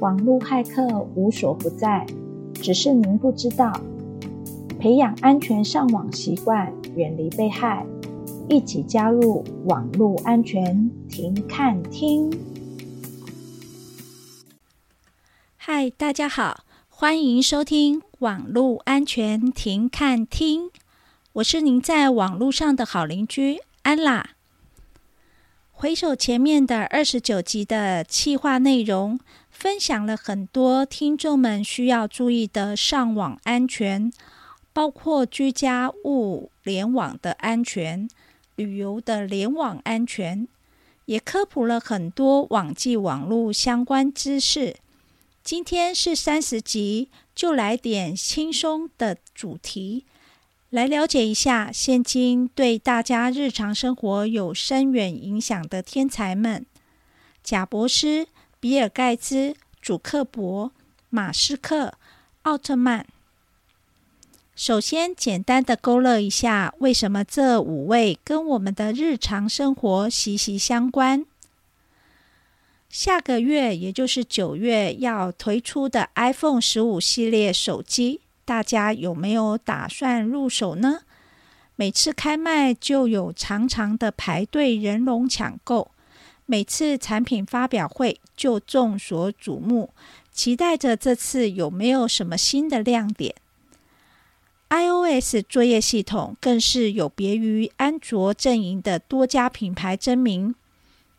網絡駭客無所不在，只是您不知道。培養安全上網習慣，遠離被害，一起加入網絡安全停看聽。嗨，大家好，歡迎收聽網絡安全停看聽。我是您在網絡上的好鄰居安啦。回首前面的二十九集的企劃內容。分享了很多聽眾們需要注意的上網安全，包括居家物聯網的安全、旅遊的聯網安全，也科普了很多網際網絡相關知識。今天是三十集，就來點輕鬆的主題，來了解一下現今對大家日常生活有深遠影響的天才們——賈伯斯、比爾蓋茨、祖克柏、馬斯克、奧特曼。首先，簡單的勾勒一下，為什麼這五位跟我們的日常生活息息相關？下個月，也就是九月要推出的 iPhone 15系列手機，大家有沒有打算入手呢？每次開賣就有長長的排隊人龍搶購。每次產品發表會就眾所矚目，期待着這次有沒有什麼新的亮點。iOS 作業系統更是有別於安卓陣營的多家品牌爭鳴，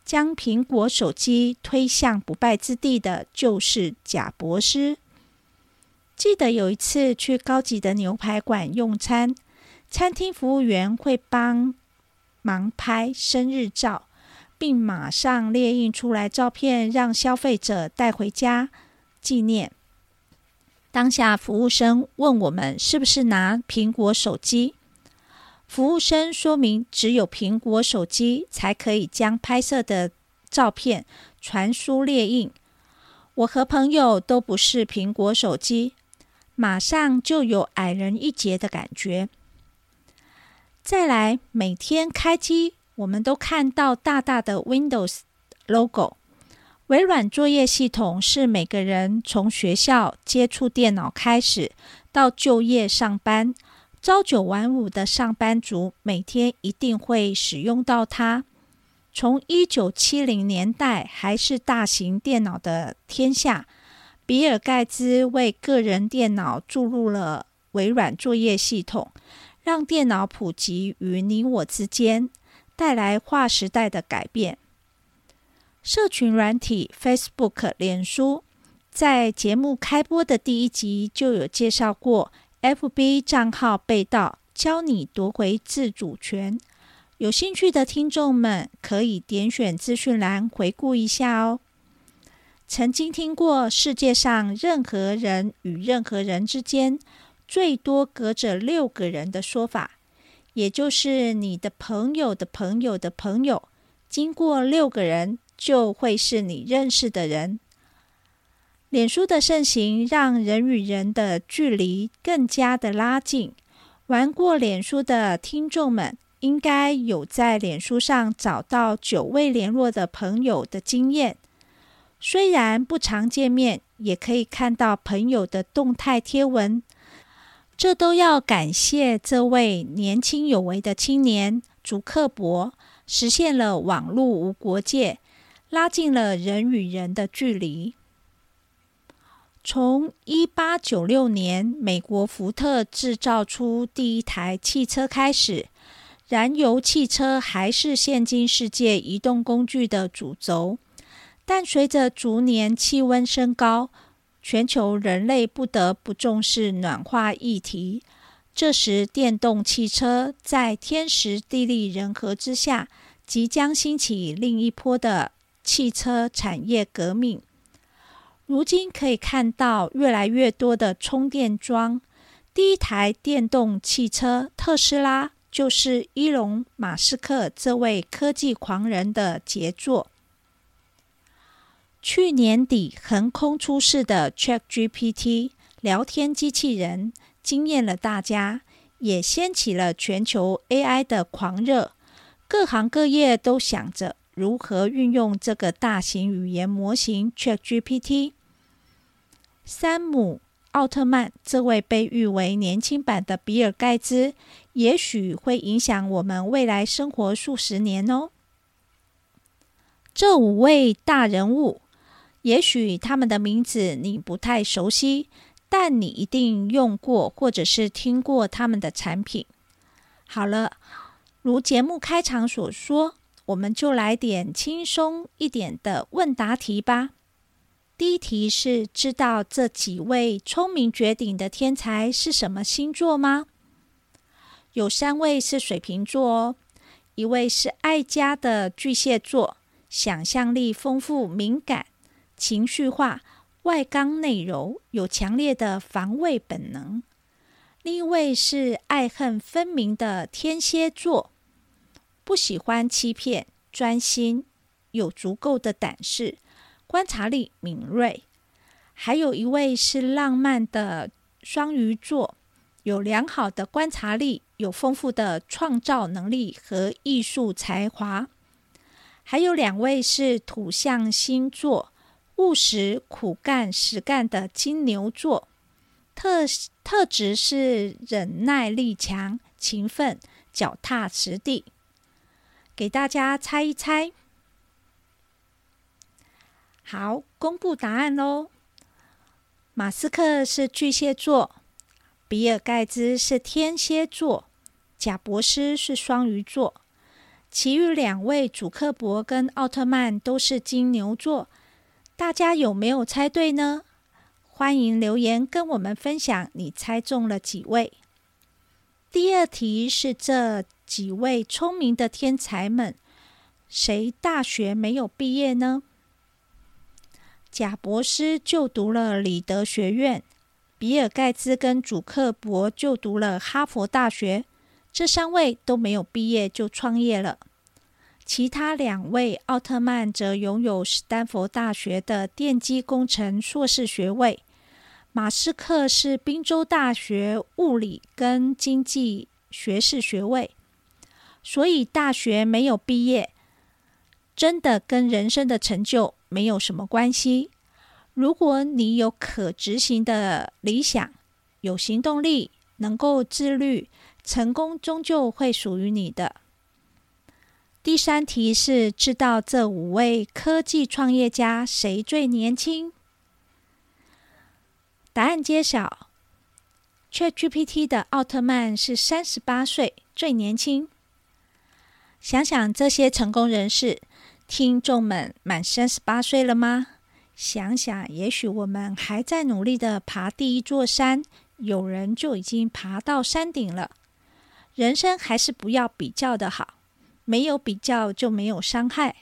將蘋果手機推向不敗之地的就是賈伯斯。記得有一次去高級的牛排館用餐，餐廳服務員會幫忙拍生日照。並馬上列印出來照片，讓消費者帶回家紀念。當下服務生問我們是不是拿蘋果手機，服務生說明只有蘋果手機才可以將拍攝的照片傳輸列印。我和朋友都不是蘋果手機，馬上就有矮人一截的感覺。再來每天開機。我們都看到大大的 Windows logo。微軟作業系統是每個人從學校接觸電腦開始，到就業上班，朝九晚五的上班族每天一定會使用到它。從一九七零年代還是大型電腦的天下，比爾蓋茲為個人電腦注入了微軟作業系統，讓電腦普及於你我之間。帶來劃時代的改變。社群軟體 Facebook 臉書，在節目開播的第一集就有介紹過，FB 賬號被盜，教你奪回自主權。有興趣的聽眾們可以點選資訊欄回顧一下哦。曾經聽過世界上任何人與任何人之間，最多隔着六個人的說法。也就是你的朋友的朋友的朋友，經過六個人，就會是你認識的人。臉書的盛行，讓人與人的距離更加的拉近。玩過臉書的聽眾們，應該有在臉書上找到久未聯絡的朋友的經驗。雖然不常見面，也可以看到朋友的動態貼文。這都要感謝這位年輕有為的青年祖克柏，實現了網路無國界，拉近了人與人的距離。從一八九六年美國福特製造出第一台汽車開始，燃油汽車還是現今世界移動工具的主軸，但隨着逐年氣溫升高。全球人類不得不重視暖化議題，這時電動汽車在天時地利人和之下，即將興起另一波的汽車產業革命。如今可以看到越來越多的充電樁，第一台電動汽車特斯拉就是伊隆馬斯克這位科技狂人的傑作。去年底橫空出世的 ChatGPT 聊天機器人驚豔了大家，也掀起了全球 AI 的狂熱。各行各業都想着如何運用這個大型語言模型 ChatGPT。山姆·奧特曼這位被譽為年輕版的比爾·蓋茨，也許會影響我們未來生活數十年哦。這五位大人物，也許他們的名字你不太熟悉，但你一定用過或者是聽過他們的產品。好了，如節目開場所說，我們就來點輕鬆一點的問答題吧。第一題是：知道這幾位聰明絕頂的天才是什麼星座嗎？有三位是水瓶座哦，一位是愛家的巨蟹座，想象力豐富，敏感。情緒化，外剛內柔，有強烈的防衛本能。另一位是愛恨分明的天蠍座，不喜歡欺騙，專心，有足夠的膽識，觀察力敏銳。還有一位是浪漫的雙魚座，有良好的觀察力，有豐富的創造能力和藝術才華。還有兩位是土象星座。務實、苦幹、實幹的金牛座特特質是忍耐力強、勤奮、腳踏實地。給大家猜一猜，好，公布答案嘍！馬斯克是巨蟹座，比爾蓋茨是天蠍座，賈伯斯是雙魚座，其餘兩位祖克柏跟奧特曼都是金牛座。大家有沒有猜對呢？歡迎留言跟我們分享你猜中了幾位。第二題是這幾位聰明的天才們，誰大學沒有畢業呢？賈伯斯就讀了里德學院，比爾蓋茨跟祖克柏就讀了哈佛大學，這三位都沒有畢業就創業了。其他兩位奧特曼則擁有史丹佛大學的電機工程碩士學位，馬斯克是賓州大學物理跟經濟學士學位，所以大學沒有畢業，真的跟人生的成就沒有什麼關係。如果你有可執行的理想，有行動力，能夠自律，成功終究會屬於你的。第三題是知道這五位科技創業家誰最年輕？答案揭曉：ChatGPT 的奧特曼是三十八歲，最年輕。想想這些成功人士，聽眾們滿三十八歲了嗎？想想，也許我們還在努力的爬第一座山，有人就已經爬到山頂了。人生還是不要比較的好。沒有比較就沒有傷害。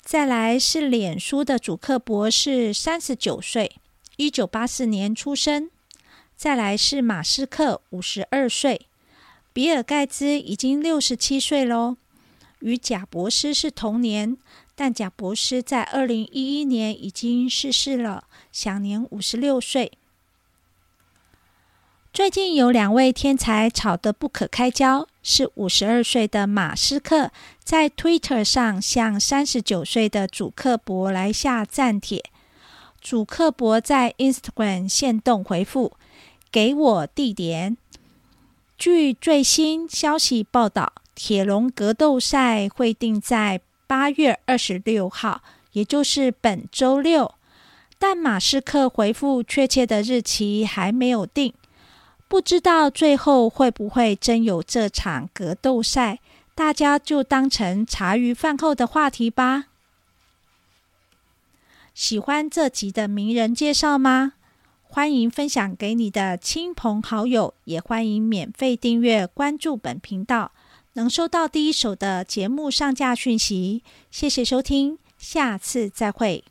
再來是臉書的祖克柏，是三十九歲，一九八四年出生。再來是馬斯克，五十二歲，比爾蓋茨已經六十七歲嘍，與賈伯斯是同年，但賈伯斯在二零一一年已經逝世，世了，享年五十六歲。最近有兩位天才吵得不可開交，是五十二歲的馬斯克在 Twitter 上向三十九歲的祖克柏來下戰帖。祖克柏在 Instagram 限動回復：“給我地點。”據最新消息報道，鐵籠格鬥賽會定在八月二十六號，也就是本周六。但馬斯克回復：“確切的日期還沒有定。”不知道最後會不會真有這場格鬥賽，大家就當成茶餘飯後的話題吧。喜歡這集的名人介紹嗎？歡迎分享給你的親朋好友，也歡迎免費訂閱關注本頻道，能收到第一手的節目上架訊息。謝謝收聽，下次再會。